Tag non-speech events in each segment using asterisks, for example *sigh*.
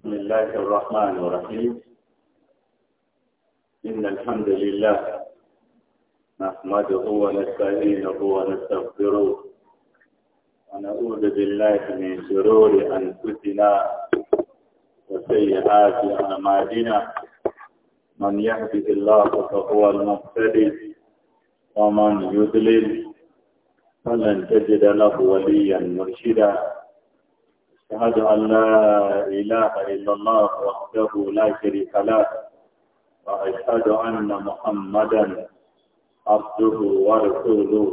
بسم الله الرحمن الرحيم إن الحمد لله نحمده ونستعينه ونستغفره ونعوذ بالله من شرور أنفسنا وسيئات أعمالنا من يهده الله فهو المقتدي ومن يضلل فلن تجد له وليا مرشدا أشهد أن لا إله إلا الله وحده لا شريك له وأشهد أن محمدا عبده ورسوله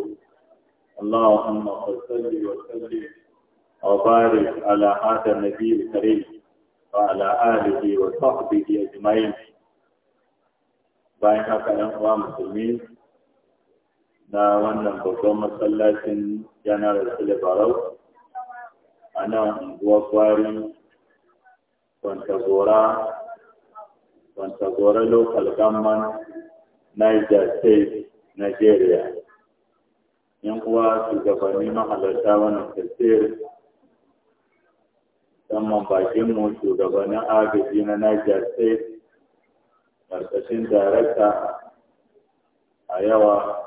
اللهم صل وسلم وبارك على هذا النبي الكريم وعلى آله وصحبه أجمعين bayan haka ‘yan uwa musulmi na wannan babban masallacin yanar da barau ana nan unguwar gwari kwantagora kwantagora local government niger state nigeria yan uwa shugabanni mahalarta wannan tafsir musamman bakinmu shugabannin agaji na niger state ƙarƙashin darakta a yawa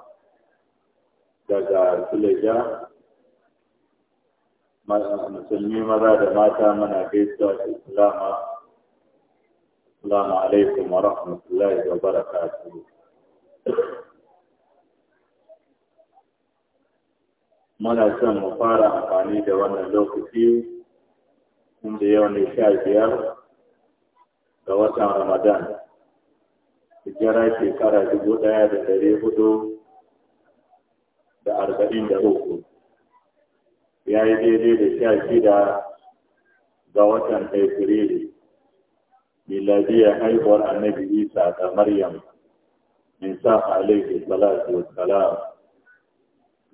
daga suleja مسلمي مراد ما تامنا بيسا الإسلام السلام عليكم ورحمة الله وبركاته من أسم مفارا أفاني دوانا لوك فيو من ديون إشاء ديال دواتا رمضان تجاري في كارا جبودا يا دريبودو دا أربعين دا أوكو ya yi daidai da sha shida ga watan Fabrairu, miladiyar haihuwar annabi Isa da Maryam, Isa alaihi salatu wa salam,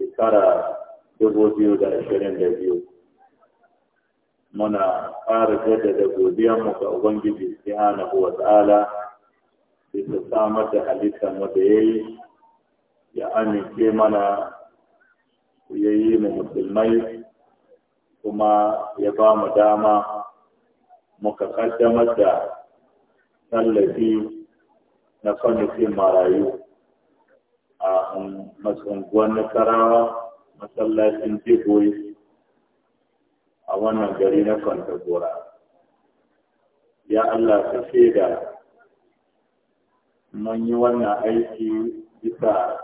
shekara dubu biyu da ashirin da biyu. Muna ƙara jaddada godiyarmu ga Ubangiji Subhanahu wa ta'ala, ta samar da halittar mu da ya yi, ya amince mana, ya yi mu musulmai kuma ya ba mu dama muka kaddamar da tallafi na kwamitin marayu a matsunguwan nasarawa masallacin jihohi a wannan gari na kwantagora ya allah ka shaida mun yi wannan aiki bisa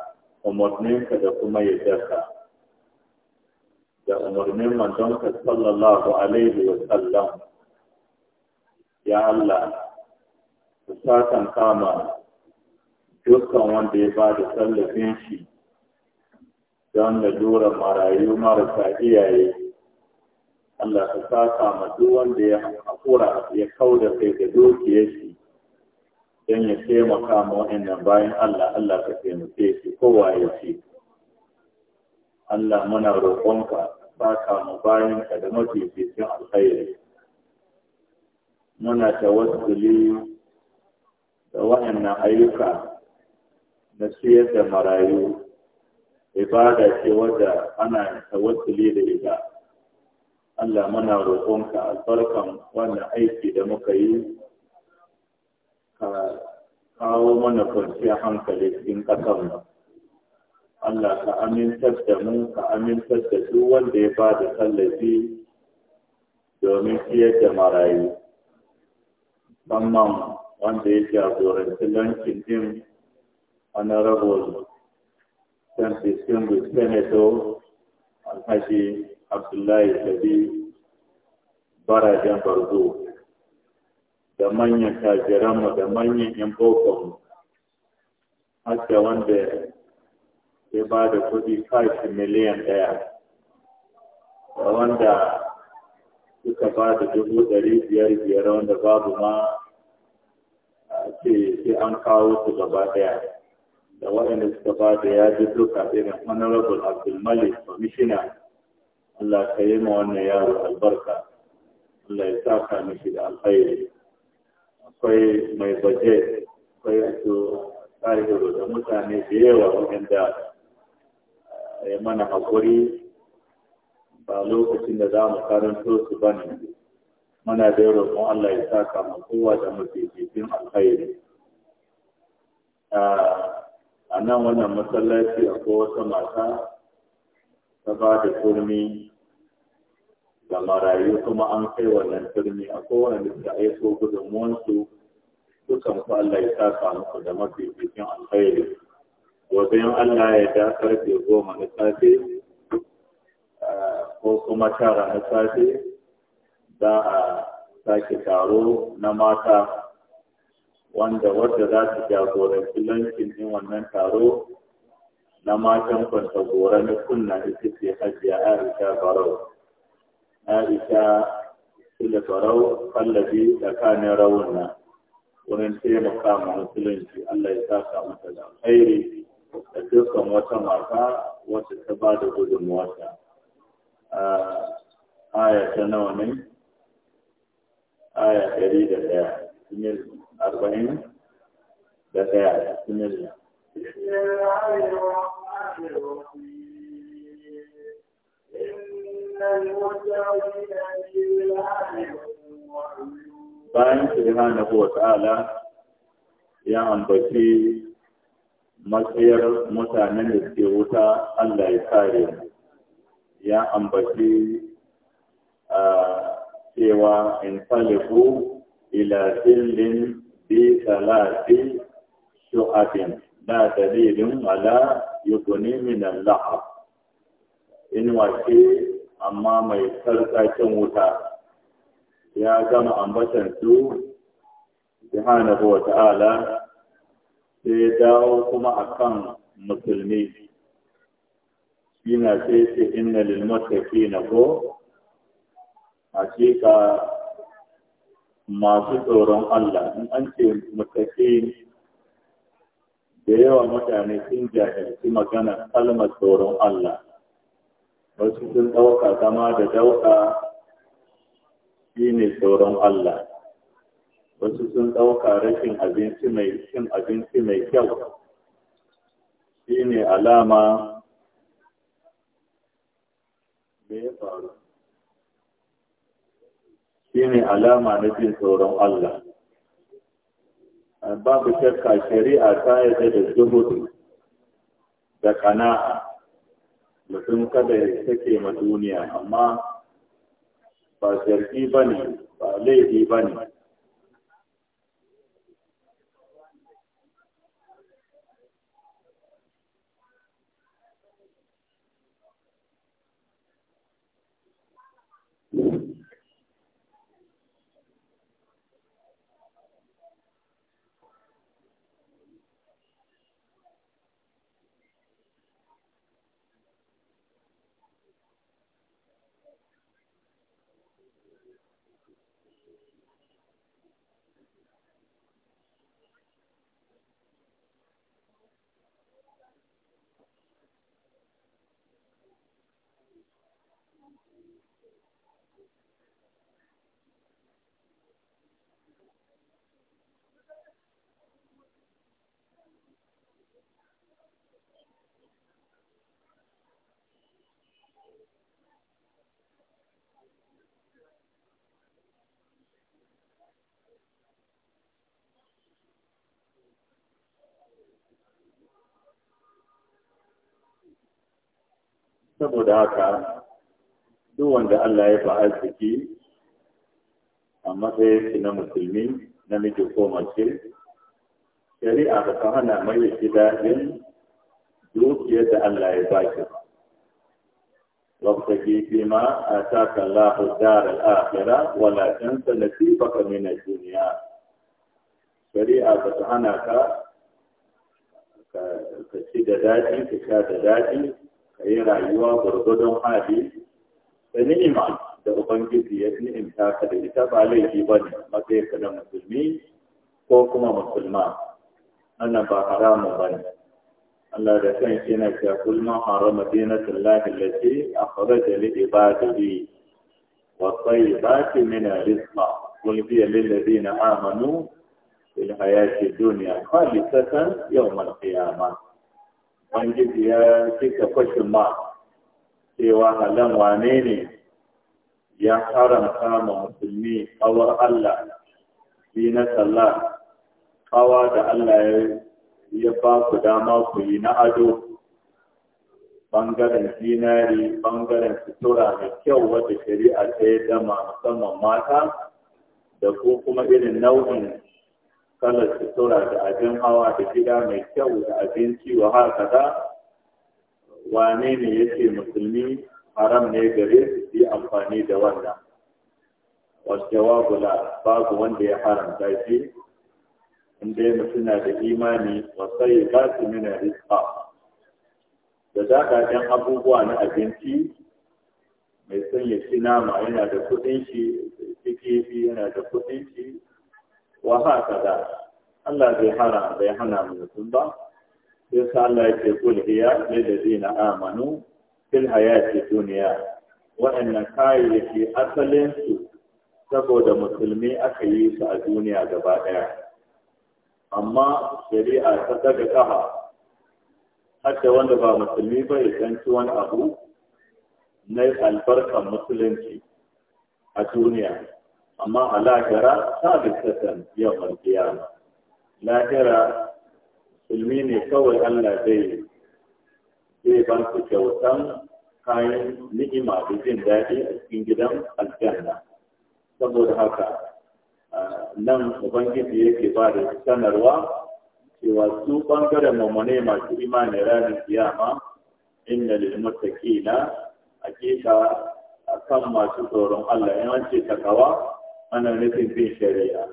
umarninka da kuma yadda da umarnin mazanka ka sallallahu alaihi wa sallam ya Allah ku sakan kama dukkan wanda ya ba da tallafin shi don da dora marayu marasa iyaye Allah ka saka ma duk wanda ya hakura ya kau da kai da dukiyar shi don ya taimaka ma wa'annan bayan Allah Allah ka taimake shi kowa ya ce Allah muna roƙonka saka mu bayan ka da mafi mafificin alkhairi muna tawassuli da waɗannan ayyuka na siyar da marayu ibada ce wadda ana tawassuli da ita Allah muna roƙonka albarkan wannan aiki da muka yi ka kawo mana kwanciyar hankali cikin ƙasar nan Allah ka amintar da mu ka amintar da duk wanda ya ba da tallafi domin siyar da marayu musamman wanda ya jagoranci lankin din honorable san da senato alhaji abdullahi sabi barajan barzo da manyan tajiranmu da manyan yan bokonmu hatta wanda ya ba da kuɗi kashi miliyan ɗaya da wanda suka ba da dubu dari biyar biyar wanda babu ma ce sai an kawo su gaba ɗaya da waɗanda suka ba da ya ji duka irin honorable abdulmalik commissioner Allah ka yi ma wannan yaro albarka Allah ya ka mishi da alkhairi akwai mai baje akwai su ƙa'ido da mutane da yawa waɗanda a mana haƙuri ba lokacin da za mu karanto su ba ne mana da roƙon Allah ya saka mu kowa da mafificin alkhairi a nan wannan masallaci akwai wata mata ta ba da turmi ga marayu kuma an kai wannan turmi a kowane da aiko gudunmuwansu dukan ku Allah ya saka muku da mafificin alkhairi gobe in Allah ya da karfe goma na safe ko kuma tara na safe za a sake taro na mata wanda wadda za su jagoranci lankin yin wannan taro na matan kwanta gora na kunna ita ce hajiya aisha barau aisha sule barau kallabi tsakanin rauna wurin taimaka ma musulunci allah ya sa mata da alkhairi da dukkan wata mata wacce ta ba da wata. aya ta nawa ne aya ɗari da ɗaya cikin arba'in da ɗaya cikin bayan subhanahu wa ala, ya ambaci matsayar mutanen da ke wuta Allah ya kare mu ya ambaci cewa in falifu ila zillin bi salati shu'abin da dalilin ala yukuni min Allah in wace amma mai sarƙaƙin wuta ya gama ambatan su jihana wa ta'ala sai ya dawo kuma akan musulmi yana sai ce inna lil na ko hakika masu tsoron Allah in an ce mutaki da yawa mutane sun jahilci magana kalmar tsoron Allah wasu sun ɗauka zama da dauka shi ne tsoron Allah wasu sun ɗauka rashin abinci mai cin abinci mai kyau shi ne alama me ya faru shi ne alama na jin tsoron Allah babu shakka shari'a ta yarda da zuhudu da kana'a mutum kada ya take ma duniya amma ba zargi ba ne ba laifi ba ne saboda haka duk wanda Allah ya fa arziki a matsayi na musulmi na namiji ko mace shari'a ba ta hana mai ya daɗin dukiyar da Allah ya ba shi وابتغي ma a الله الدار الآخرة ولا تنس نصيبك من الدنيا shari'a ba ta hana ka ka ci da daɗi ka sha da daɗi ka yi rayuwa gwargwadon hadi da ni'ima da ubangiji ya ni'imta ka da ita ba laifi ba ne matsayin ka da musulmi ko kuma musulma annan ba haramun ba ne Allah da kan shi na cewa kulman harama dinatin lahin lati a faraja li ibadihi wa tayyibati min rizqa qul bi lil amanu fil hayati dunya khalisatan yawm al qiyamah ubangiji ya cika kwashin ma cewa halan wane ne ya haramta ma musulmi kawar Allah shi na sallah kawa da Allah ya ba ku dama ku yi na ado bangaren zinari bangaren sutura da kyau wata shari'a ta yi dama musamman mata da ko kuma irin nau'in sallar sutura da abin hawa da gida mai kyau da abinci wa haka kada wane ne yake musulmi haram ne gare su yi amfani da wannan wasu jawabu la babu wanda ya haramta shi inda yana suna da imani wasai ba su nuna rizka da zaɗaɗen abubuwa na abinci mai son ya ci nama yana da kuɗin shi ciki yana da kuɗin shi wa haka Allah bai hana bai hana mutum ba sai Allah ya ce kul hiya amanu fil hayati dunya wa'annan kayayyaki asalin su saboda musulmi aka yi su a duniya gaba daya amma shari'a ta daga kafa hatta wanda ba musulmi ba ya san wani abu na albarkar musulunci a duniya amma a lahira yau a kiyama lahira ilmi ne kawai Allah zai zai ban su kyautan kayan ni'ima da jin daɗi a cikin gidan aljanna saboda haka nan ubangiji yake ba da sanarwa cewa su bangaren mamane masu imani ranar kiyama inna ke na a kan masu tsoron Allah yawanci takawa ana nufin bin shari'a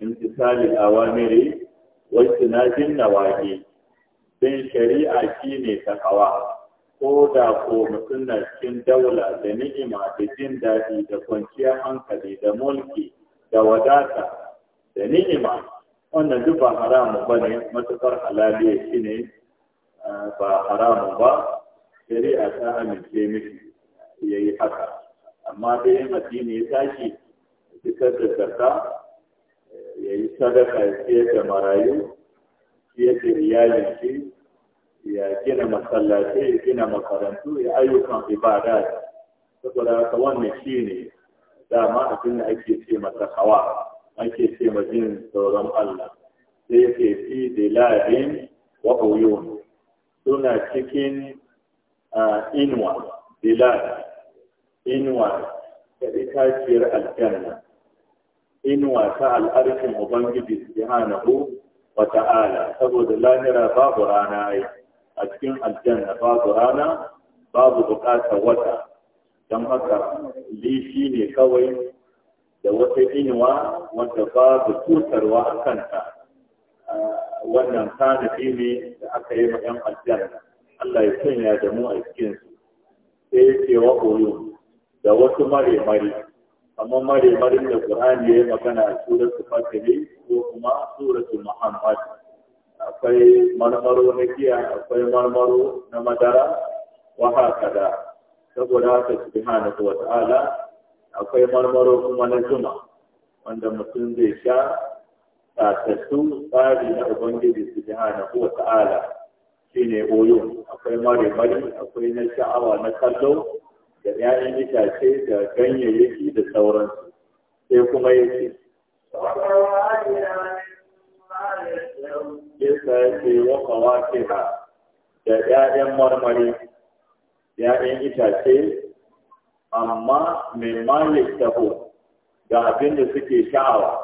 imtisalin awamiri wasu na jin nawahi bin shari'a shi ne ta kawa. ko da ko mutum na cikin daula da ni'ima da jin daɗi da kwanciyar hankali da mulki da wadata da ni'ima wannan duk ba haramun ba ne matuƙar halaliya shi ne ba haramun ba shari'a ta amince mishi ya yi haka amma dai addini ya tashi fitar da zakka eh, ya yi sadaka ya fiye da marayu fiye da ya gina masallaci ya gina makarantu ya ayyukan ibada saboda haka wannan shi ne dama abin da ake ce masa hawa ake ce ma jin Allah sai ke fi diladin wa uyun suna cikin ah, inuwa dilad inuwa da itaciyar aljanna inuwa ta al'arshin ubangiji subhanahu wa ta'ala saboda lahira babu rana a cikin aljanna babu rana babu bukatar wata don haka lishi ne kawai da wata inuwa wanda babu cutarwa a kanta wannan tanadi ne da aka yi ma 'yan aljanna Allah ya sanya da mu a cikinsu sai ya ce wa da wasu mare-mare amma mare mare da Qur'ani ya yi magana a suratu Fatih ko kuma suratu Muhammad akwai marmaro na giya akwai marmaro na madara wa hakada saboda haka subhanahu wa ta'ala akwai marmaro kuma na juma, wanda mutum zai sha tatattu tsari na ubangiji subhanahu wa ta'ala shine oyo akwai mare mare akwai na sha'awa na kallo da ‘ya'yan itace da ganyayyaki da sauransu sai kuma ce Yesa yake ke ba? da ‘ya'yan marmari ‘ya'yan itace amma mai malik taho ga abin da suke sha'awa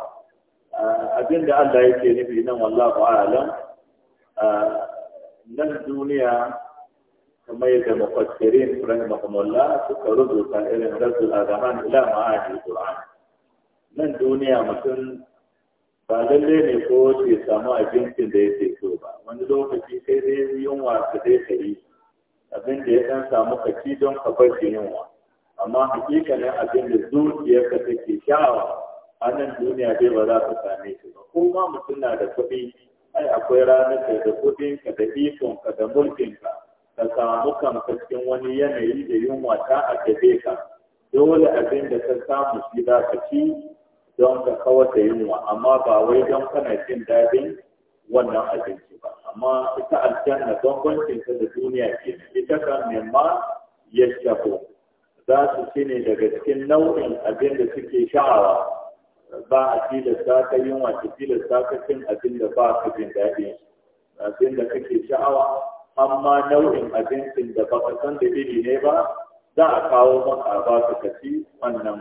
abin da Allah yake nufi nan wallahu alam nan duniya kamar yadda mufassirin rahimahumullah suka rubuta irin rasul azhaman ila ma'ani qur'an nan duniya mutum ba lalle ne ko ce samu abincin da ya ce so ba wani lokaci sai dai yunwa ka dai ka yi abin da ya dan samu kaci don ka bar yunwa amma hakikanin abin da ka take sha'awa a nan duniya dai ba za ka same shi ba ko ma mutum na da kuɗi ai akwai ranar da kuɗinka da ikonka da ka. ka samu kanka cikin wani yanayi da yunwa ta addabe ka dole abin da ka samu shi za ka ci don ka kawar da yunwa amma ba wai don kana jin daɗin wannan abinci ba amma ita aljanna bambancin ta da duniya ke ita kan nema ya shafo za su ci ne daga cikin nau'in abin da suke sha'awa ba a tilasta ka yunwa ta za ka cin abin da ba ka jin daɗin abin da kake sha'awa amma nau'in abincin da baka san da iri ne ba za a kawo maka ba ka kaci wannan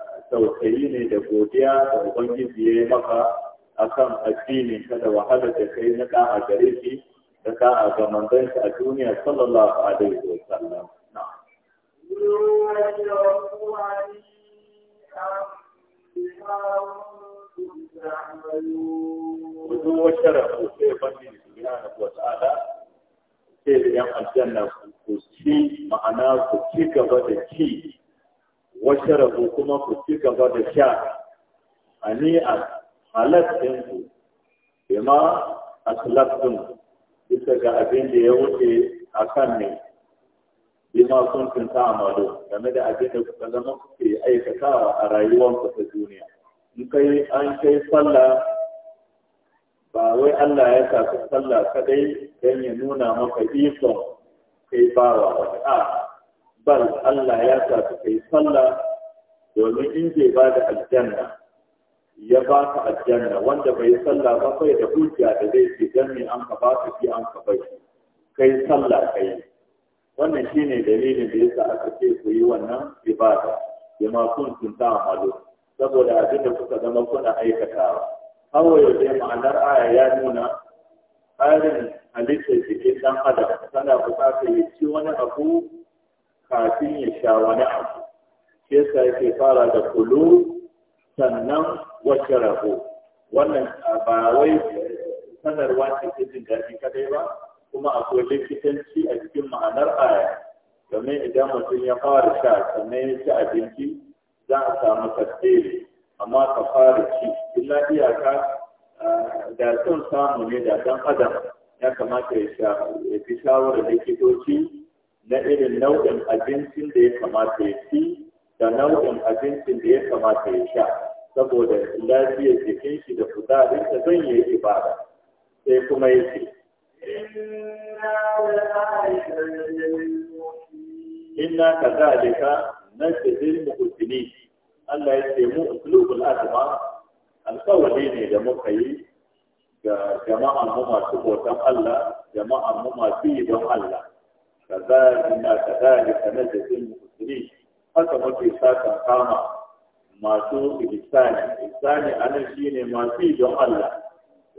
eh, tausayi ne da godiya da ubangiji ya yi maka akan addinin ka da wahalar da kai na da'a gare shi da a ga manzon a duniya sallallahu alaihi wa sallam وذو su gina na kuwa وتعالى sai da ‘yan aljanna ku ci ma'ana ku ci gaba da ci wasu rabu kuma ku ci gaba da sha a ni a ya bima a salattun bisa ga abin da ya wuce a kan ne bima sun kun a amado game da abin da kuka zama kuke aikatawa a rayuwarku ta duniya in kai an kai sallah ba wai Allah ya sa sallah kadai don ya nuna maka ikon kai bawa ba a bal Allah ya sa kai sallah domin in bai ba da aljanna ya ba ka aljanna wanda bai sallah ba kai da hujja da zai ce dan me an ka ba ka fi an ka bai kai sallah kai wannan shine dalilin da yasa aka ce ku yi wannan ibada bima kuntum ta'malun saboda abin da kuka zama kuna aikatawa kawai da ma'anar aya ya nuna tsarin halittar jikin ɗan adam tana buƙatar ya ci wani abu kafin ya sha wani abu shi yasa yake fara da kulu sannan wacce wannan ba wai sanarwa ce ta jin daɗi kadai ba kuma akwai likitanci a cikin ma'anar aya domin idan mutum ya fara sha sannan ya ci abinci za a samu tasiri amma ka fara ci illa iyaka eh, da son samu ne da dan adam ya kamata ya fi shawarar likitoci na irin nau'in abincin da ya kamata ya ci da nau'in abincin da ya kamata ya sha saboda lafiyar jikin shi da kuzarin da zan yi ibada sai kuma ya ce inna na shirin muhsinin الله يسمو قلوب الأجمع القول ديني مخي جماعة مما تبو الله جماعة مما سيدا الله كذلك ما كذلك نجد المسلمين حتى ما في ساسا قاما ما سوء الإنساني الإنساني أنا شيني ما سيدا الله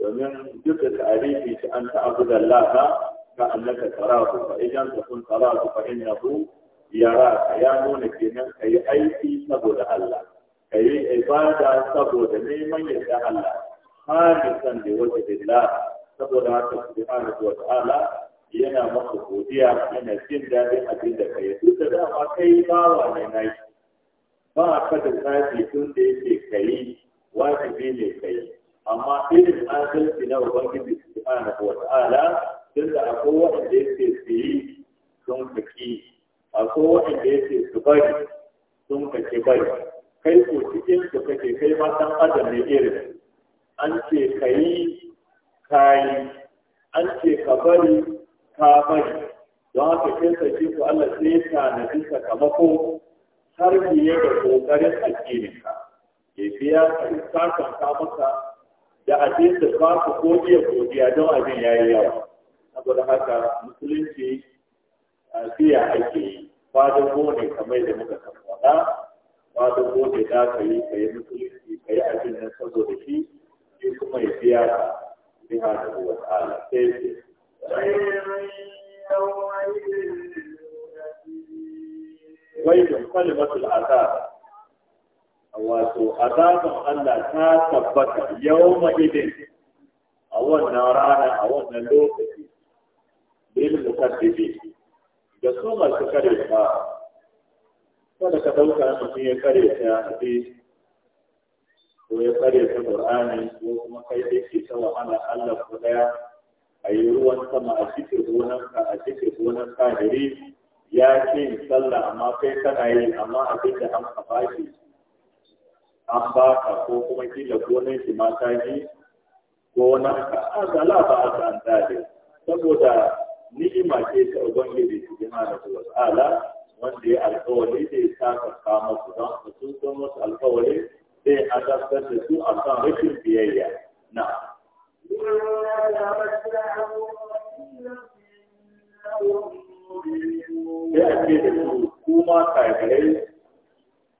ومن جدة أليفي أن تعبد الله كأنك تراه فإذا كنت تراه فإنه yara ya nuna kenan ka yi aiki saboda Allah ka yi ibada saboda neman yadda Allah san da wata dilla saboda haka subhanahu wa ta'ala yana maka godiya yana jin daɗin jin da kai duk da dama kai bawa ne na ba ka da zafi tun da yake kai wajibi ne kai amma irin adalci na ubangiji subhanahu wa ta'ala tun da akwai wanda yake su yi sun kaki a ko waɗanda yake su bari sun kake bari kai ko cikin su kake kai ma san adam ne irin an ce ka yi kayi an ce ka bari ka bari don haka kin sake ku Allah sai ta na bisa kamako har biye da kokarin addinin ka ya biya ka sakan ka maka da abin da ba ku godiya godiya don abin yayi yawa saboda haka musulunci biya ake yi fadin gode kamar da muka kan faɗa fadin gode za ka yi ka yi musulunci ka yi abin nan saboda shi shi kuma ya biya ka biha da huwa ta'ala sai ce waidun kalmatul azab wato azaban Allah ta tabbata yawma idin a wannan rana a wannan lokaci bil mutaddibin da su masu kare ta kada ka ɗauka mutum ya kare ta ce. ko ya kare ta Qur'ani ko kuma kai da ke ta wahala Allah ko daya a yi ruwan sama a cikin gonan ka a cikin gonan ka dare ya ce sallah amma kai kana yi amma abin da an ka bashi an ba ko kuma kila gonan shi ma ta yi gonan ka a zala ba a san dade saboda ni'ima ce ta ubangiji subhanahu wa ta'ala wanda ya alkawari zai saka kama su don su sun san wasu sai a adabtar da su a kan rashin biyayya na sai a da su kuma kagirai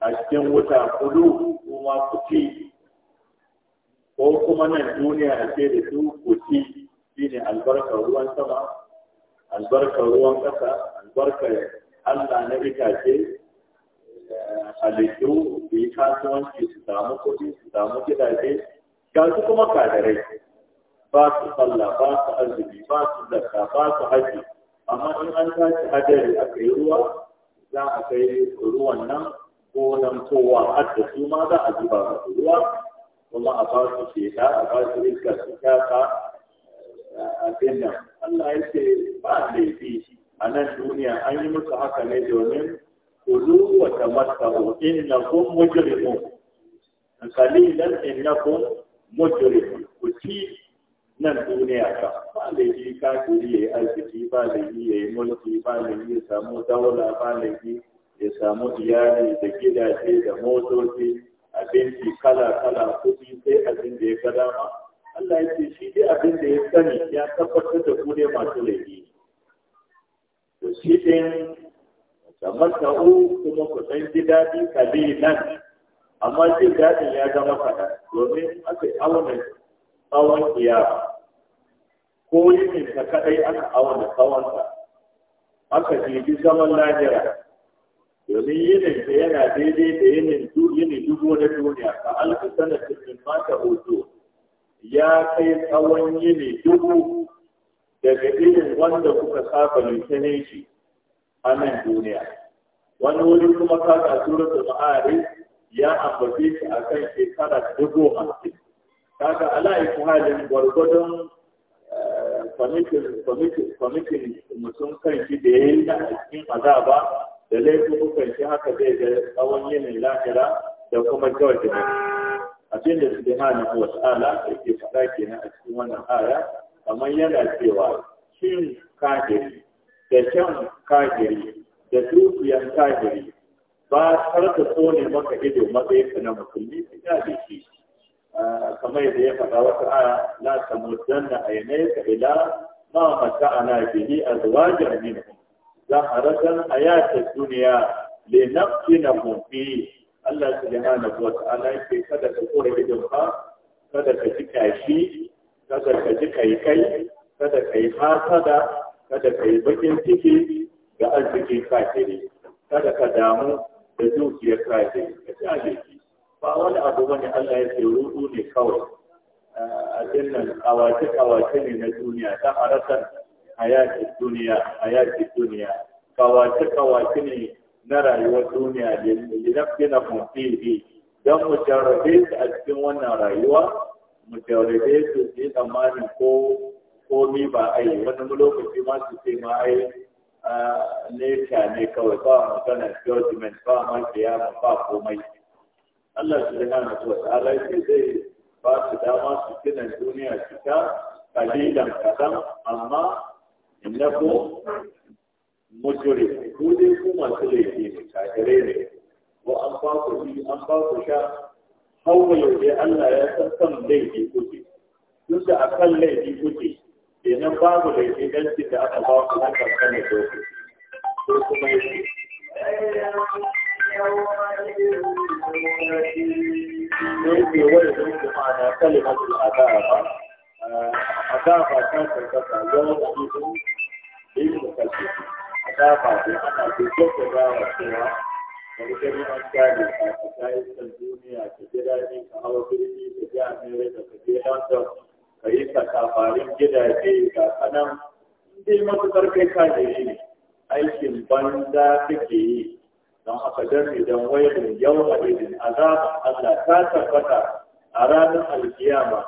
a cikin wuta kudu kuma ku ko kuma nan duniya a da su ku shi ne albarkar ruwan sama albarkar ruwan ƙasa albarkar Allah na itace eh, halittu da yi kasuwanci su samu kuɗi su samu gidaje ga su kuma kadarai ba su sallah ba su azumi ba su zakka ba su haji amma in an tashi hadari aka yi ruwa za a kai ruwan nan gonan kowa har da su ma za a zuba musu ruwa kuma a ba su sheda a ba su riga su kyasa abin nan Allah ya ce ba laifi a nan duniya an yi musu haka ne domin kulu wa tamattahu innakum mujrimun qalilan innakum mujrimun ku ci nan duniya ka ba laifi ka yayi arziki ba laifi yi mulki ba laifi ya samu daula ba laifi ya samu iyali da gidaje da motoci abinci kala kala kuɗi sai abin da ya ga ma Allah ya ce shi dai abin da ya sani ya tabbatar da kure masu laifi to shi ɗin kamar ta'u kuma ku san ji daɗi nan. amma jin daɗin ya zama kaɗan domin aka yi auna tsawon kiyama ko ne ta kaɗai aka auna tsawonsa aka jibi zaman lajira domin yinin da yana daidai da yinin dubu na duniya ka alka sanar da mata hoto. ya kai tsawon yini dubu daga irin wanda kuka saba litinin shi a nan duniya wani wuri kuma kaga suratul ma'ari ya ambace shi a kan shekara dubu hamsin kaga ala halin gwargwadon kwamitin eh, mutum kan shi da ya yi na cikin azaba da laifin shi haka zai da tsawon yinin lahira da kuma jawar jima'i. abin da wasu ala da ke faɗa na a cikin wannan aya kamar yana cewa cin kafiri da shan kagiri, da dukiyar kafiri ba har ka so ne maka ido matsayin ka na musulmi ya da shi kamar yadda ya faɗa wata aya la tamuddanna ka ila ma mata'ana a azwajan duniya, zaharatan na dunya na fihi Allah subhanahu wa ta'ala yake kada ka kore idan fa kada ka ji kashi kada ka ji kai kai kada ka yi hasada kada ka yi bakin ciki ga arziki kafiri kada ka damu da dukiyar kafiri ka kyale shi. ba wani abu bane Allah ya ce rudu ne kawai a jinnan kawace kawace ne na duniya ta harasar hayatin duniya hayatin duniya kawace kawace ne na rayuwar duniya da lilafi na mafi don mu jarrabe su a cikin wannan rayuwa mu jarrabe su su yi tsammanin ko komi ba a yi wani lokaci ma su ce ma ai a ne kawai ba magana judgment ba ma kiyama ba komai Allah su da na tuwa ta'ala zai ba su dama su gina duniya su ta kalilan kaɗan amma ko mujure ku dai ku masu laifi ne kakire ne ko an ba ku shi an ba ku sha hawa yaushe Allah ya san kan laifi kuke duk da akan laifi kuke kenan babu laifi dan da aka ba ku na kankan da ku ko kuma yake Yake wani zai kuma na kalimatul adaba, eh, adaba ta karkata zama da ikon yin da kalfi. azaba da ana da jaddadawa cewa duniya ka ji daɗi ka hawa birni ka je da ka je ka yi gidaje ne aikin banza kake yi don dan idan yau a azaba Allah ta tabbata a ranar alkiyama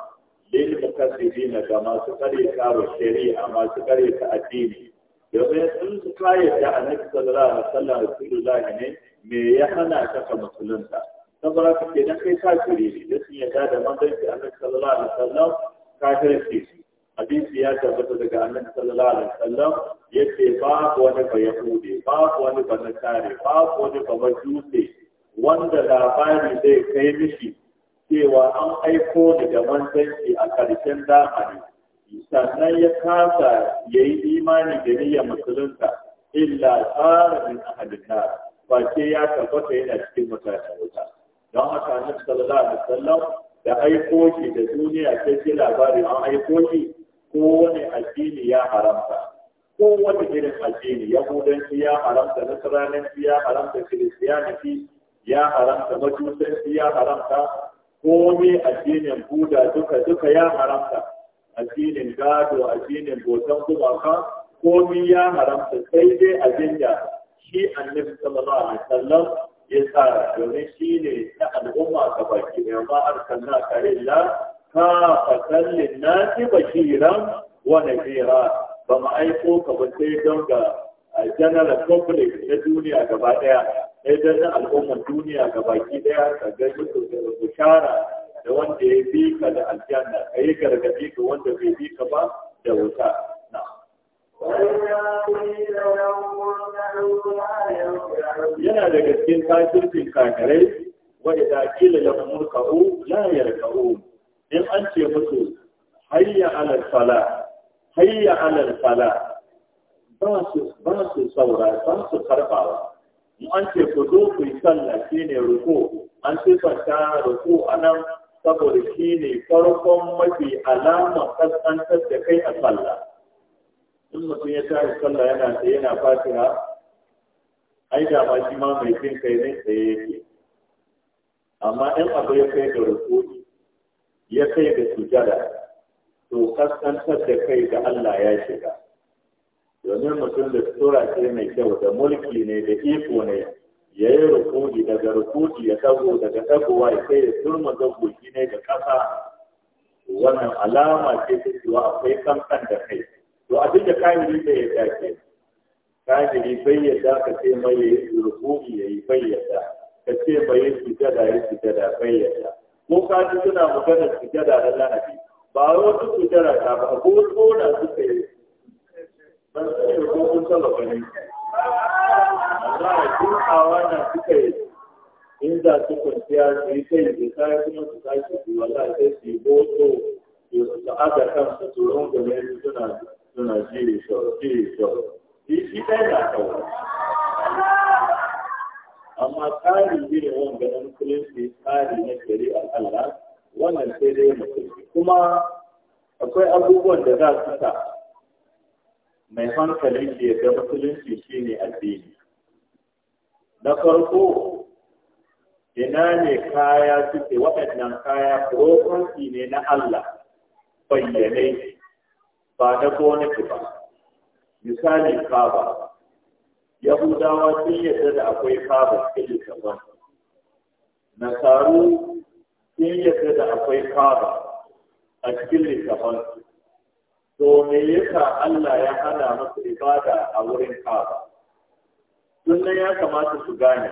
lil ga masu kare kawo a masu kare addini yanzu ya tsin ka yadda annabi sallallahu alaihi wasallam rasulullahi ne me ya hana ka ka musulunta saboda ka ke dan kai kafiri ne da sun yadda da manzanci annabi sallallahu alaihi wasallam kafirci hadisi ya tabbata daga annabi sallallahu alaihi wasallam yace ba wani ba ya yahudi ba wani ba na nasari ba wani ba majusi wanda labari zai kai mishi cewa an aiko ni da manzanci a karshen zamani sannan ya kasa ya yi imani da niyyar musulunta illa tsara min ahadin na ba ce ya tabbata yana cikin mutane wuta don haka annabi sallallahu alaihi wasallam da aiko shi da duniya ta ce labari an aiko shi wani addini ya haramta wani irin addini yahudanci ya haramta nasrananci ya haramta kiristiyaniki ya haramta majusanci ya haramta wani addinin buda duka duka ya haramta addinin gado addinin botan gumaka komi ya haramta sai dai abin shi annabi sallallahu alaihi wasallam ya tsara domin shi ne na al'umma ga baki ne ma arsalna ka illa ka fatan linnasi bashiran wa nadira ba mu aiko ka ba sai don ga general public na duniya gaba daya sai don al'ummar duniya gaba ki daya ka ga musu bishara da wanda ya bi ka da aljanna ka yi gargaɗi ga wanda bai bi ka ba da wuta na yana daga cikin kafircin kakarai wa kila ya lahum urka'u la yarka'u in an ce musu hayya ala sala hayya ala sala ba su ba su saura ba su karbawa in an ce ku zo ku yi sallah shine ruku an sifanta ruku anan saboda shi ne farkon mafi alama kaskantar da kai a sallah in mutum ya tashi sallah yana tsaye yana fatiha ai da ma shi ma mai jin kai ne tsaye yake amma in abu ya kai da rukuni ya kai da sujada to kaskantar da kai ga Allah ya shiga domin mutum da tsora ce mai kyau da mulki ne da iko ne ya yi rukuni daga rukuni ya tago daga tagowa ya kai ya turma zagogi ne da ƙasa wannan alama ce ta cewa akwai kankan da kai to duk da kamili bai ya dace kamili bai ya dace ce mai ya yi rukuni ya yi bai ya ka ce mai ya sujada ya sujada bai ya ko ka ji suna magana sujada na lahabi ba wata sujada ta ba ko ko da suka yi ban sani ko kun sallaba ne Za a dukawa na suka yi in za su kwanciya su yi kai da kayan kuma su tashi su wala sai su yi boto su aga kansu su rungume su suna suna jiri shau jiri shi shi ɗaya na kawai amma ne irin wanda na musulunci tsari na a Allah wannan sai dai musulunci kuma akwai abubuwan da za su sa mai hankali ke da musulunci shine addini na farko ina ne kaya suke waɗannan kaya property ne na Allah bayyane ba na gonaki ba misali kaba yahudawa sun yadda da akwai kaba cikin kaban nasaru sun yadda da akwai kaba a cikin littafin to me yasa Allah ya hana masu ibada a wurin kaba sunan ya kamata su gane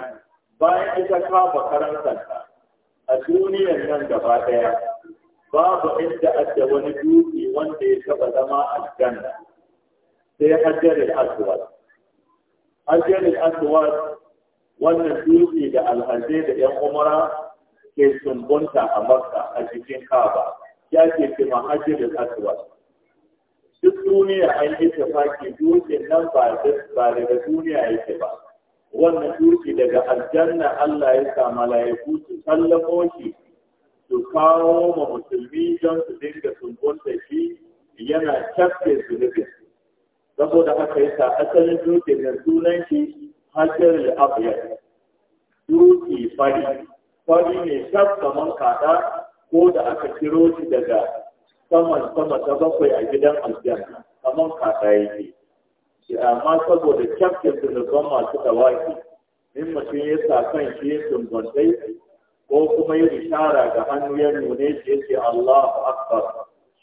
bayan ita ka ta, a duniyar nan gaba ɗaya babu inda adda wani dutse wanda ya taɓa zama a aljanna sai hajjarin aswad hajjarin aswad wannan dutse da alhazai da yan umara ke sumbunta a makka a cikin kaba ya ke cima hajjarin aswad duk duniya an yi tafaki dutsen nan ba daga duniya yake ba wannan duki daga aljanna Allah ya sa mala'iku su sallamo shi su kawo ma musulmi don su dinga sunkunta shi yana cafke zunubin saboda haka sa asalin dutse da sunan shi hajar al-abyad Duki fari fari ne shaf kaman kada ko da aka kiro shi daga saman sama ta bakwai a gidan aljanna kamar kaka yake amma saboda kyaftin zunuban masu dawaki in mutum ya sa kan shi ya tumbantai ko kuma ya ishara ga hannu ya nune shi ya ce Allahu Akbar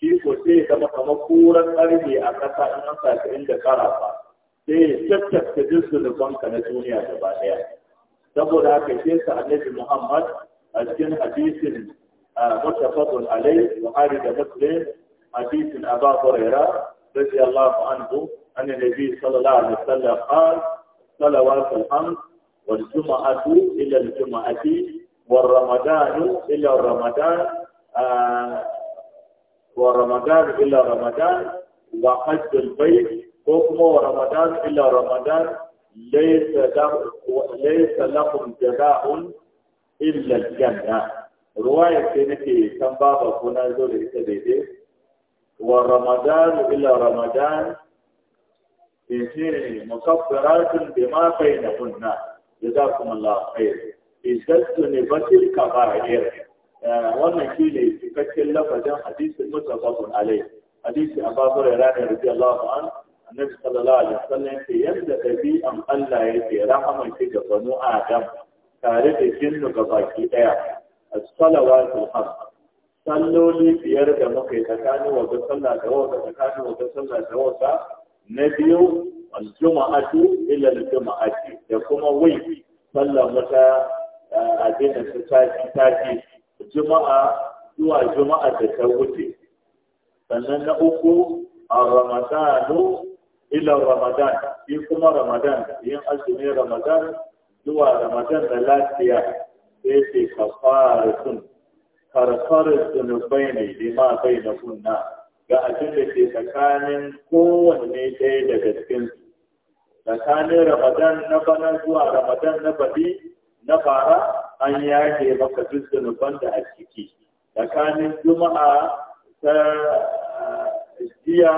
shi ko sai ya zama kamar kuran ƙarfe a ƙasa in an sa ta inda karafa sai ya kyaftace duk zunuban ka na duniya gaba ɗaya saboda haka shi sa Annabi Muhammad a cikin hadisin متفق عليه وعارض مسلم حديث أبا هريرة رضي الله عنه أن النبي صلى الله عليه وسلم قال صلوات الخمس والجمعة إلى الجمعة والرمضان إلى الرمضان آه ورمضان إلى رمضان وحج البيت حكم ورمضان إلى رمضان ليس لهم جزاء إلا الجنة رواية تنكي كم بابا كنا زول يتبدي ورمضان إلا رمضان إنسان مكفرات بما بينهن جزاكم الله خير إذا نبت الكبائر آه، وما كيلي تكتل لفظا حديث متفق عليه حديث أبا هريرة رضي الله عنه النبي صلى الله عليه وسلم في يمدك بي أم الله يتي رحمك جفنو آدم كارب جن قبائك as-salawat al-khams salloli biyar da muka yi tsakanin wata sallah da wata tsakanin wata sallah da wata na biyu al-juma'atu ila al-juma'ati da kuma wai sallah wata eh, abin da ta tafi tafi juma'a zuwa juma'a da ta wuce sannan na uku a ramadanu ramadan shi kuma ramadan yin azumi ramadan zuwa ramadan da lafiya sai ce kafaratun karkarar zunubai ne lima bai na kunna ga abin da ke tsakanin kowanne ɗaya daga cikin tsakanin ramadan na bana zuwa ramadan na baɗi na bara an yage maka duk zunuban da a ciki tsakanin juma'a ta jiya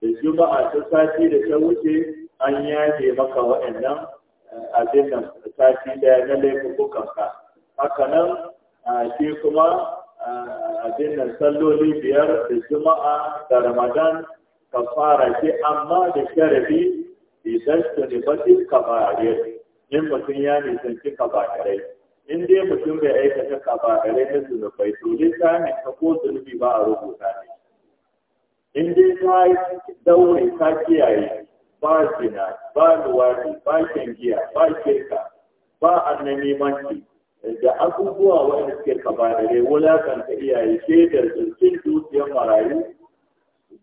da juma'a ta sati da ta wuce an yage maka waɗannan abin nan sati ɗaya na laifukan ka haka nan shi kuma abin nan salloli biyar da juma'a da ramadan fara ce amma da sharafi idan su ne batin kabarai in mutum ya nisanci kabarai in dai mutum bai aikata kabarai na zunubai to dai ta ne ko zunubi ba a rubuta ne in dai ta daure ta kiyaye ba zina ba luwadi ba kyangiya ba shirka ba annabi manci da abubuwa wanda suke kabarai wulakanta iyaye shaidar cin dukiyar marayu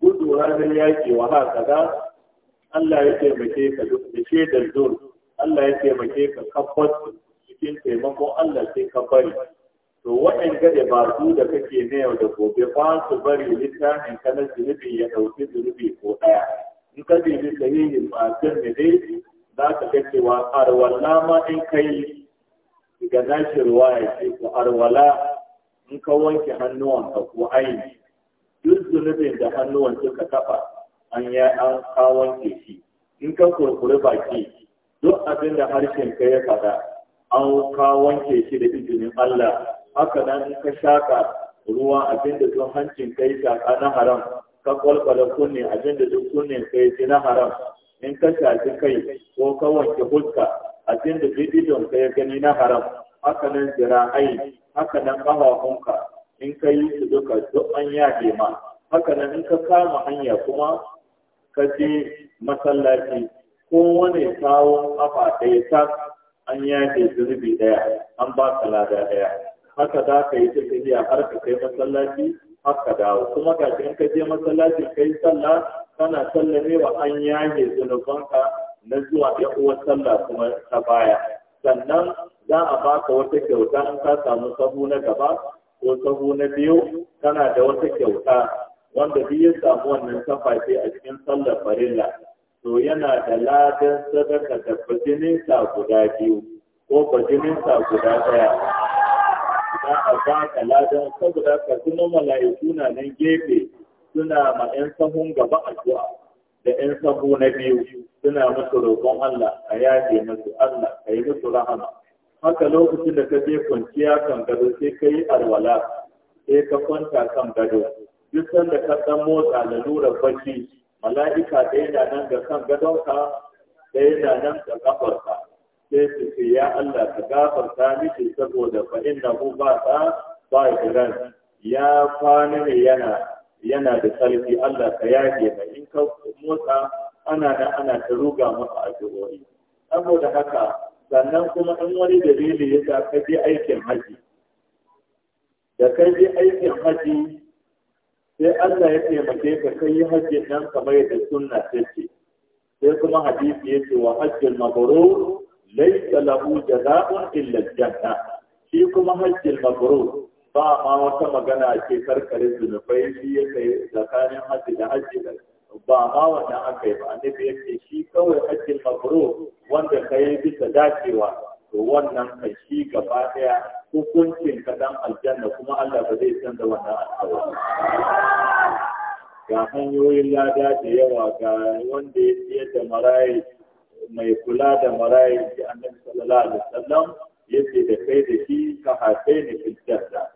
gudu ranar yaƙi wa haka da Allah ya taimake ka da shaidar zuwa Allah ya taimake ka kabbat cikin taimakon Allah sai ka bari to waɗanda ba su da kake na yau da gobe ba su bari littafin ka na zunubi ya ɗauki zunubi ko ɗaya in ka bi sahihin masu ne dai za ka ga cewa arwallah in kai ga nashi ya ce ku arwala in ka wanke hannuwan ka ko aini duk zunubin da hannuwan suka kafa an ya an ka wanke shi in ka kurkure baki duk abin da harshen ka ya fada? an ka wanke shi da izinin Allah haka nan in ka shaka ruwa abin da hancin ka ya shaka na haram ka kwalkwala kunne abin da duk kunne ka ya na haram in ka shafi kai ko ka wanke huska abin da bidiyon ka ya gani na haram haka nan jira'ai haka nan ƙafafunka in ka yi su duka duk an yaje ma haka nan in ka kama hanya kuma ka je masallaci ko wani kawo kafa ɗaya ta an yaje zunubi ɗaya an ba ka lada ɗaya haka za ka yi ta tafiya har ka kai masallaci haka dawo kuma ga in ka je masallaci kai sallah kana sallamewa an yaje zunubanka na zuwa ɗan uwan sallah kuma ta baya sannan za a baka wata kyauta in ka samu sahu na gaba ko sahu na biyu kana da wata kyauta wanda duk ya samu wannan kafafe a cikin sallar farilla to yana da ladan sadaka da sa guda biyu ko sa guda ɗaya za a baka ladan saboda ka kuma mala'iku na nan gefe suna ma 'yan sahun gaba a zuwa. da ‘yan sabu na biyu suna musu roƙon Allah a yaje musu Allah ka yi musu rahama. Haka lokacin da ka je kwanciya kan gado sai ka yi alwala sai ka kwanta kan gado. Duk sanda ka ɗan motsa lalurar bacci mala'ika ɗaya na nan ga kan gadonka ɗaya na nan ga ƙafarka. Sai su ce ya Allah ka gafarta miki saboda fa'in na ba ta ba ya ya kwana ne yana yana da sarfi Allah ka yage mai in ka motsa ana da ana ta ruga masa addu'o'i saboda haka sannan kuma in wani dalili ya sa ka je aikin haji da ka je aikin haji sai Allah ya taimake ka kai yi haji nan kamar yadda sunna ta ce sai kuma hadisi ya ce wa hajjin mabrur laysa lahu jazaa'un illa janna shi kuma hajjin mabrur ba ma wata magana ke karkare zunubai shi ya kai tsakanin hajji da hajji da ba ma wannan aka yi ba annabi ya ce shi kawai hajji makro wanda ka yi bisa dacewa to wannan ka shi gaba daya hukuncin ka dan aljanna kuma Allah ba zai canza wannan alƙawari ga hanyoyin lada da yawa ga wanda ya ciyar da marayi mai kula da marayi da annabi sallallahu alaihi wasallam yace da kai da shi ka hafe ne fitar da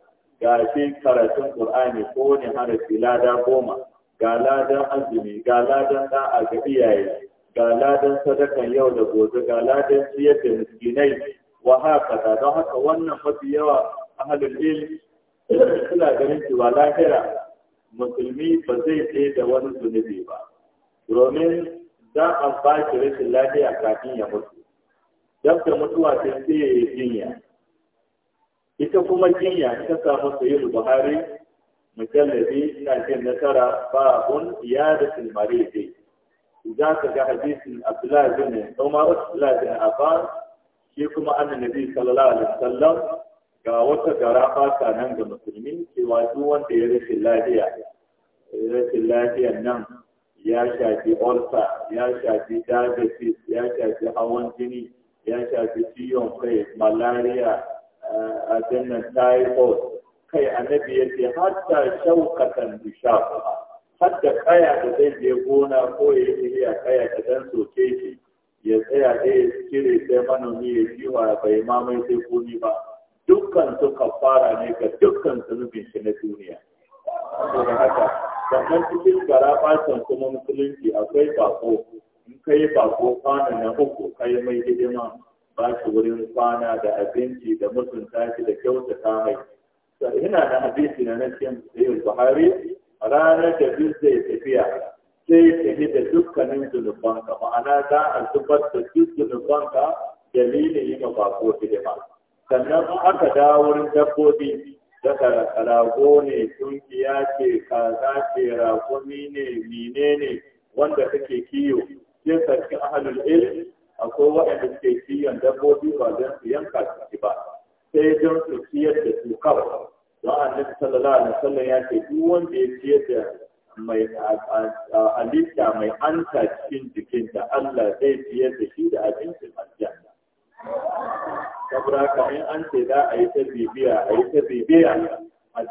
ga shi karatun Qur'ani ko ne harafi lada goma ga ladan azumi ga ladan a ga iyaye ga ladan sadakan yau da gobe ga ladan ciyar da miskinai wa haka don haka wannan mafi yawa ahalul ilm suna ganin cewa lahira musulmi ba zai tsaye da wani zunubi ba domin za a ba shi rashin lafiya kafin ya mutu Dabda mutuwa sai sai ya jinya ita kuma jinya ta samu sayi buhari mujallabi na jin nasara ba un iyadatul maridi za ka ga hadisin abdullahi bin umar abdullahi bin abbas shi kuma annabi sallallahu alaihi wasallam ga wata gara fata nan ga musulmi cewa duk wanda ya rashin lafiya rashin lafiyan nan ya shafi olsa ya shafi diabetes ya shafi hawan jini ya shafi ciwon kai malaria abin nan typhoid kai annabi ya ce hatta shaukatan bishafa hatta kaya da zai je gona ko ya yi a kaya da dan soke shi ya tsaya da ya cire sai manomi ya yiwa bai mai sai kuni ba dukkan su kafara ne ga dukkan zunubin shi na duniya saboda haka sannan cikin gara bacin kuma musulunci akwai bako in kai bako kwanan na uku kai mai hidima ba shi wurin kwana da abinci da mutunta shi da ta mai ina da hadisi na nashin sayyid buhari ranar da duk zai tafiya sai ta da dukkanin zunubanka ma'ana za a zubar da duk zunubanka dalilin yi ma bako hidima sannan aka dawo wurin dabbobi daga rago ne tunkiya ce kaza ce rakumi ne mine ne wanda kake kiyo sai sarki ahalul ilm akwai waɗanda suke siyan dabbobi ba don su yanka su ci ba sai don su siyar da su kawai don annabi sallallahu alaihi wasallam ya ce duk wanda ya siyar da mai halitta mai anta cikin jikin da Allah zai siyar da shi da abincin aljanna saboda haka in an ce za a yi ta bibiya a yi ta bibiya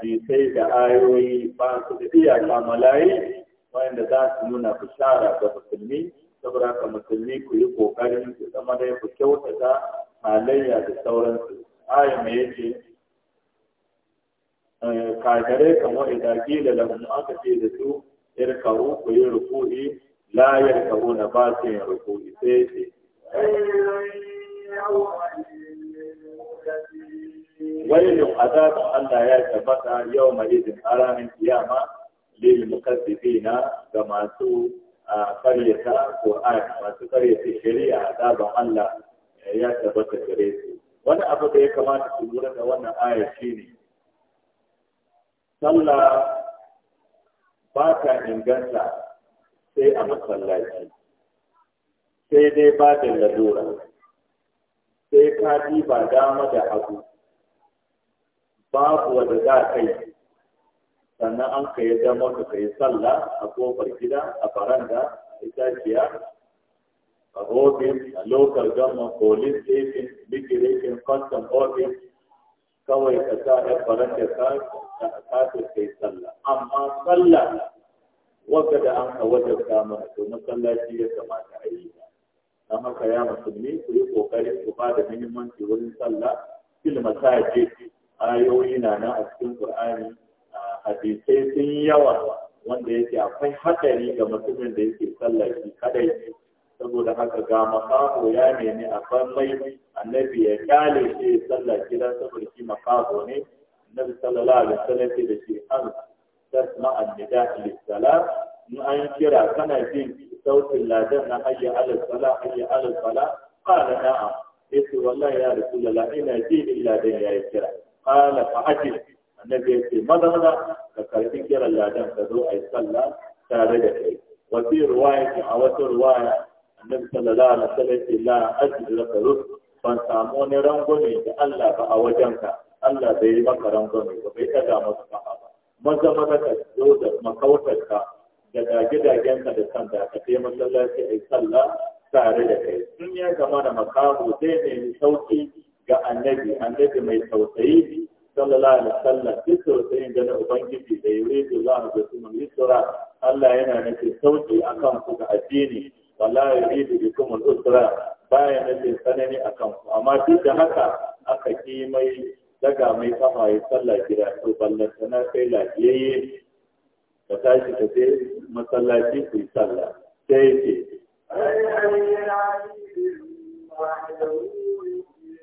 jisai da ayoyi ba su da iyaka malayi wanda za su nuna bishara ga musulmi saboda haka musulmi ku yi kokarin ku zama da ku kyautata halayya da sauransu aya mai yace eh, kagare kamar idan kila da mu aka ce da su irkaru ku yi ruku'i la yarkaru na ba su yin sai ce wailun azabin Allah ya tabbata yau mai izin a kiyama lil mukaddibina ga masu karyata Qur'an masu karyata shari'a azaban Allah eh, ya tabbata gare su wani abu da ya kamata su lura da wannan aya shine sallah ba ta inganta sai a masallaci sai dai ba da lalura sai ka ba dama da abu babu wanda za ka yi sannan an ka yi damar ka yi sallah a kofar gida a faranda itaciya a robin, a local government police station immigration custom office kawai ka sa ya faranda ka ka kafin yi salla. amma salla, wadda da an ka wajen kama to masallaci ya kamata a yi na haka ya musulmi ku yi kokari ku ba da muhimmanci wurin sallah fil masajid ayoyi na na a cikin qur'ani hadisai sun yawa wanda yake akwai hatsari ga mutumin da yake sallar shi kadai saboda haka ga makaho ya nemi a ban mai annabi ya kyale shi ya sallar gida saboda shi makaho ne annabi sallallahu alaihi wasallam ce da shi an tasma annida lissalam in an kira kana jin sautin ladan na hayya alal sala hayya alal sala qala na'am yace wallahi ya rasulullah ina jin illa dan yayi kira qala fa ajil annabi ya ce madana ka karbi kiran ladan ka zo a yi sallah tare da kai wasu ruwaya ce a wata ruwaya annabi sallallahu alaihi wasallam ce la ajidu laka rus ban samu wani rangwame da Allah ba a wajenka Allah bai yi maka rangwame ba bai ɗaga maka ba maza maza ka zo da makautarka da dage-dagenka da sanda ka kai masallaci a yi sallah tare da kai sun ya gama da zai nemi sauki ga annabi annabi mai tausayi sallallahu alaihi wasallam duk tausayin da na ubangiji da yuridu za mu ga kuma yusra Allah yana nake sauki akan ku ga addini wala yuridu bikum al-usra baya nake sanani kan ku amma duk da haka aka ki mai daga mai kafa ya sallah gida to ballanta na kai lafiyayye ka tashi ka je masallaci ku yi sallah sai ce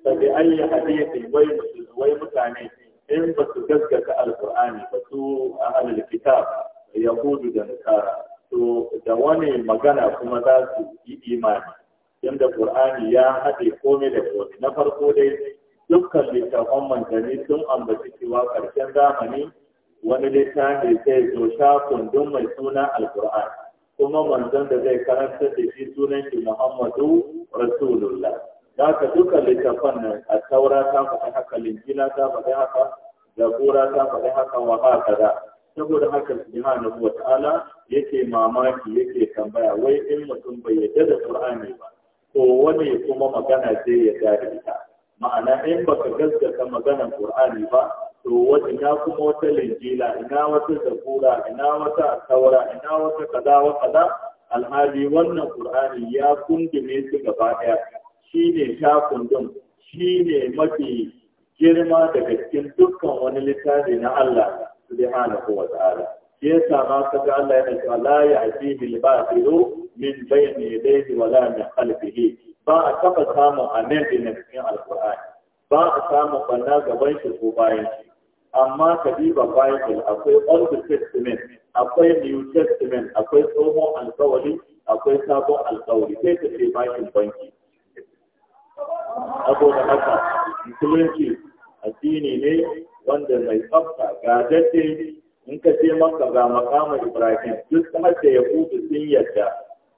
sabi ayi hadisi wai mutane in ba su gaskata alkur'ani ba su ahlul kitab yahudu da nasara to da wani magana kuma za su yi imani yadda qur'ani ya haɗe komai da komai na farko dai dukkan littafan manzanni sun ambaci cewa ƙarshen zamani wani littafi zai zo shafin duk mai suna alkur'ani kuma manzon da zai karanta da shi sunan shi muhammadu rasulullah zaka ka duka littafan nan a taura ta faɗi haka linjila ta faɗi haka zabura ta faɗi haka wa ka da saboda haka subhanahu wa ta'ala yake mamaki yake tambaya wai in mutum bai yadda da qur'ani ba to wani kuma magana zai ya gari ita ma'ana in baka gaskata maganar qur'ani ba to wata ina kuma wata linjila ina wata zabura ina wata taura ina wata kaza wa kaza alhali wannan qur'ani ya kundume su gaba ɗaya shi ne ɗin shi ne mafi girma daga cikin dukkan wani littafi na Allah hana wa ta'ala shi yasa ma kaga Allah ya cewa la ba a batilu min bayni yadayhi wa la min alfihi ba a taba samun annabi na cikin alqur'ani ba a samun banna gaban shi ko bayan shi amma ka diba bible akwai old testament akwai new testament akwai tsohon alkawari akwai sabon alkawari sai ka ce bakin banki saboda haka musulunci addini ne wanda mai tsafta Ga dace in ka ce maka ga makama ibrahim duk kamar da ya kudu sun yadda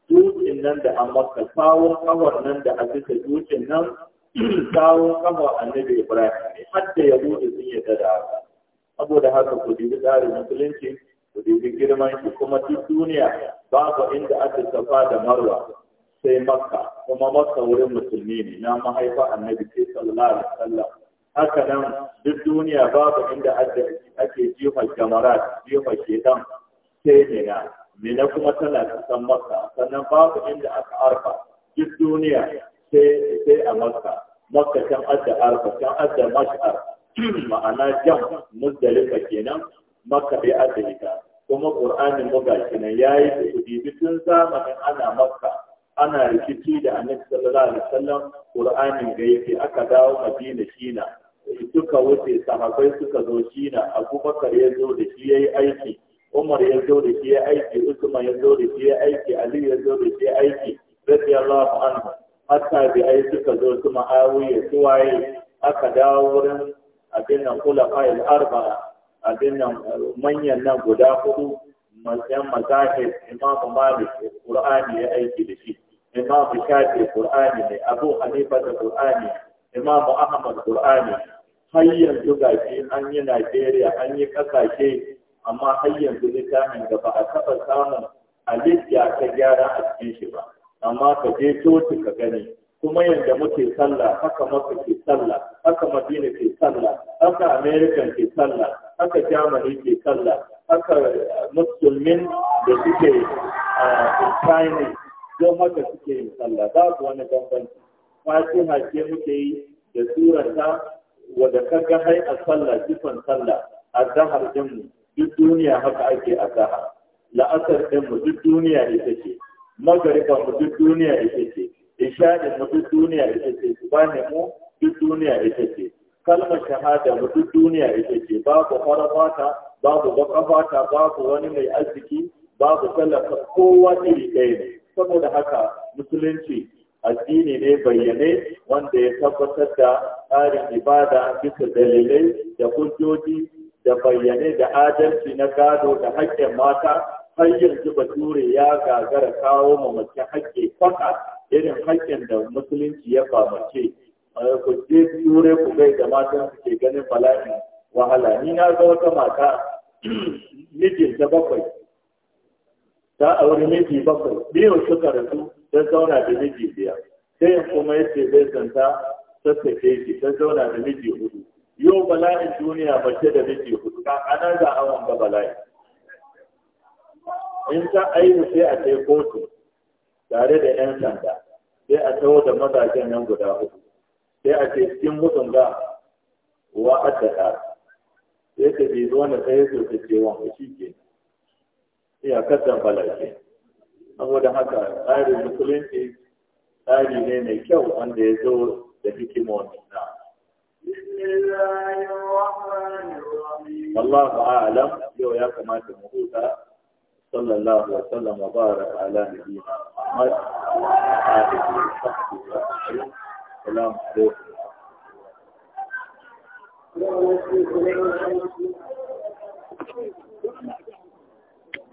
dukin nan da an maka sawun kawar nan da a bisa dukin nan *clears throat* sawun kawar annabi ibrahim ne har da kudu sun yadda da haka saboda haka ku dubi tsarin musulunci ku dubi girman shi kuma duk duniya babu inda aka safa da marwa sai makka kuma makka wurin musulmi ne na mahaifa annabi ce sallallahu alaihi wasallam haka nan duk duniya babu inda ake jihar jamarat jihar shedan sai mina mina kuma tana kasan makka sannan babu inda aka arfa duk duniya sai a makka makka can adda arfa can adda mash'ar *clears throat* ma'ana jam muzdalifa kenan makka bai adda ita kuma qur'anin mu gashi nan yayi da tun zamanin ana makka ana rikici da annabi sallallahu alaihi wasallam qur'ani ga yake aka dawo madina shina duka wuce sahabbai suka zo shina abubakar ya zo da shi yayi aiki umar ya zo da shi yayi aiki usman ya zo da shi yayi aiki ali ya zo da shi yayi aiki radiyallahu anhu hatta bi ai suka zo su ma'awiya su waye aka dawo wurin abin nan kula fa'il arba'a abin nan manyan nan guda hudu yan mazahir imamu malik qur'ani ya aiki da shi imamu shafi qur'ani ne abu hanifa da qur'ani imamu ahmad qur'ani har yanzu ga shi an yi najeriya an yi kasashe amma har yanzu littafin da ba a taɓa samun alifiya ta gyara a cikin shi ba amma ka je coci ka gani kuma yadda muke sallah haka maka ke sallah haka madina ke sallah haka american ke sallah haka germany ke sallah haka musulmin da suke a China don haka suke sallah za su wani bambanci fatiha hake muke yi da surata wadda kaga hai a sallah jifan sallah a zahar dinmu duk duniya haka ake a zahar la'asar dinmu duk duniya ita ce magariba mu duk duniya ita ce ishaɗin mu duk duniya ita ce su subhanahu mu duk duniya ita ce kalmar shahada mu duk duniya ita ce babu farabata babu bakan babu wani mai arziki babu talaka kowa iri ɗaya ne saboda haka musulunci addini ne bayyane wanda ya tabbatar da tsarin ibada bisa dalilai da hujjoji da bayyane da adalci na gado da haƙƙin mata har yanzu bature ya gagara kawo ma mace haƙƙi kwata irin haƙƙin da musulunci ya famace eh, ku je ture ku gai da matan su ke ganin bala'in wahala ni na ga wata mata mijinta bakwai ta auri miji bakwai biyu suka rasu ta zauna da miji biyar sai kuma ya ce zai zanta ta sake shi ta zauna da miji hudu yau bala'in duniya mace da miji hudu ka ana za a ga bala'i in ta aihu sai a kai kotu tare da yan sanda sai a taho da mazajen nan guda hudu sai a ce cikin mutum ga uwa adda yadda bai zuwa na sai yake da cewa ba shi ke iya kasan balake saboda haka tsarin musulunci tsari ne mai kyau wanda ya zo da hikima wani na Allah ba'alam yau ya kamata mu huta sallallahu wa sallam wa baraka ala nabiyyina Muhammad wa ala alihi wa sahbihi wa sallam salamu alaikum No,